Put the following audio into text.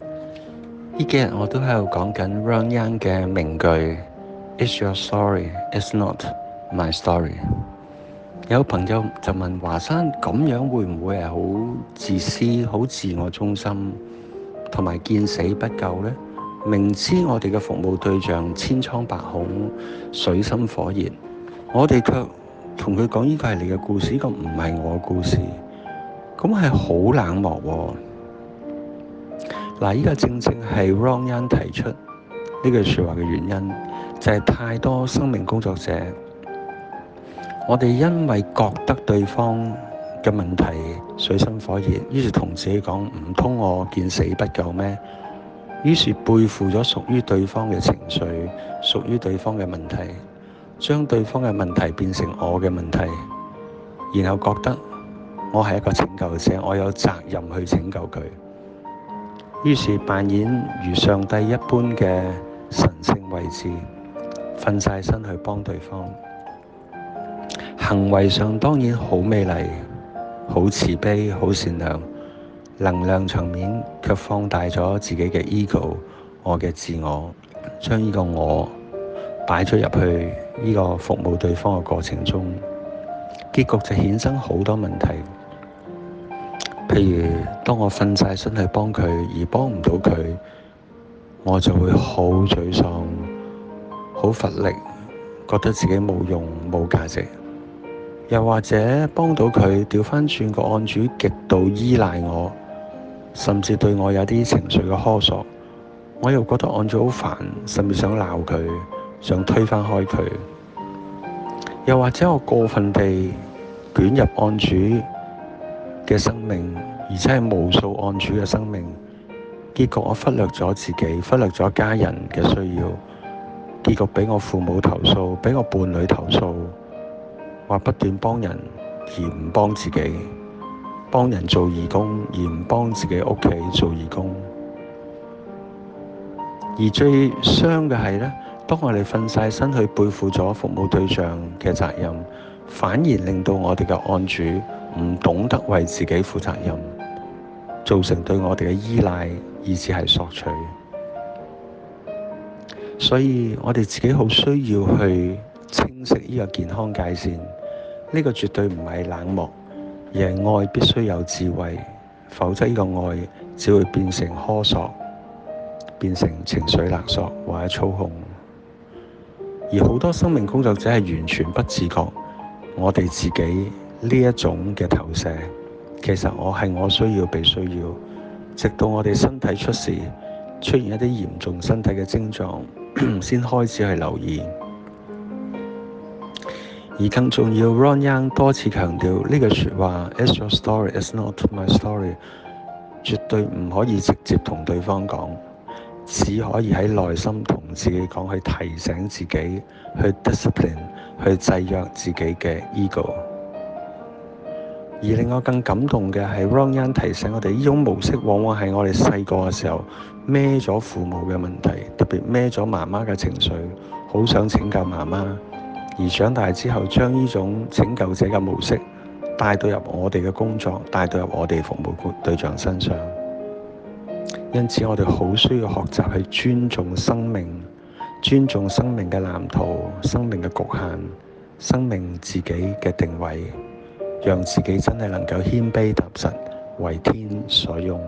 呢幾日我都喺度講緊 Run Yang 嘅名句，It's your story，It's not my story。有朋友就問華山，咁樣會唔會係好自私、好自我中心，同埋見死不救呢？明知我哋嘅服務對象千瘡百孔、水深火熱，我哋卻同佢講呢個係你嘅故事，呢個唔係我嘅故事，咁係好冷漠。嗱，依家正正係 Ronin 提出呢句説話嘅原因，就係太多生命工作者，我哋因為覺得對方嘅問題水深火熱，於是同自己講，唔通我見死不救咩？於是背負咗屬於對方嘅情緒，屬於對方嘅問題，將對方嘅問題變成我嘅問題，然後覺得我係一個拯救者，我有責任去拯救佢。於是扮演如上帝一般嘅神聖位置，瞓晒身去幫對方。行為上當然好美麗、好慈悲、好善良，能量層面卻放大咗自己嘅 ego，我嘅自我，將呢個我擺咗入去呢個服務對方嘅過程中，結局就衍生好多問題。譬如，當我瞓晒身去幫佢而幫唔到佢，我就會好沮喪、好乏力，覺得自己冇用、冇價值。又或者幫到佢，調翻轉個案主極度依賴我，甚至對我有啲情緒嘅苛索，我又覺得案主好煩，甚至想鬧佢、想推翻開佢。又或者我過分地捲入案主嘅生命，而且係無數案主嘅生命。結局我忽略咗自己，忽略咗家人嘅需要。結果俾我父母投訴，俾我伴侶投訴話不斷幫人而唔幫自己，幫人做義工而唔幫自己屋企做義工。而最傷嘅係呢，當我哋瞓晒身去背負咗服務對象嘅責任，反而令到我哋嘅案主。唔懂得為自己負責任，造成對我哋嘅依賴，以至係索取。所以我哋自己好需要去清晰呢個健康界線。呢個絕對唔係冷漠，而係愛必須有智慧，否則呢個愛只會變成苛索，變成情緒勒索或者操控。而好多生命工作者係完全不自覺，我哋自己呢一種嘅投射，其實我係我需要被需要，直到我哋身體出事，出現一啲嚴重身體嘅症狀，先 開始去留意。而更重要，Ron Young 多次強調呢句説話：It's your story, it's not my story。絕對唔可以直接同對方講，只可以喺內心同自己講，去提醒自己，去 discipline，去制約自己嘅 ego。而令我更感動嘅係 Ronan 提醒我哋，呢種模式往往係我哋細個嘅時候孭咗父母嘅問題，特別孭咗媽媽嘅情緒，好想拯救媽媽。而長大之後，將呢種拯救者嘅模式帶到入我哋嘅工作，帶到入我哋服務對象身上。因此，我哋好需要學習去尊重生命，尊重生命嘅藍圖、生命嘅局限、生命自己嘅定位。讓自己真係能夠謙卑踏實，為天所用。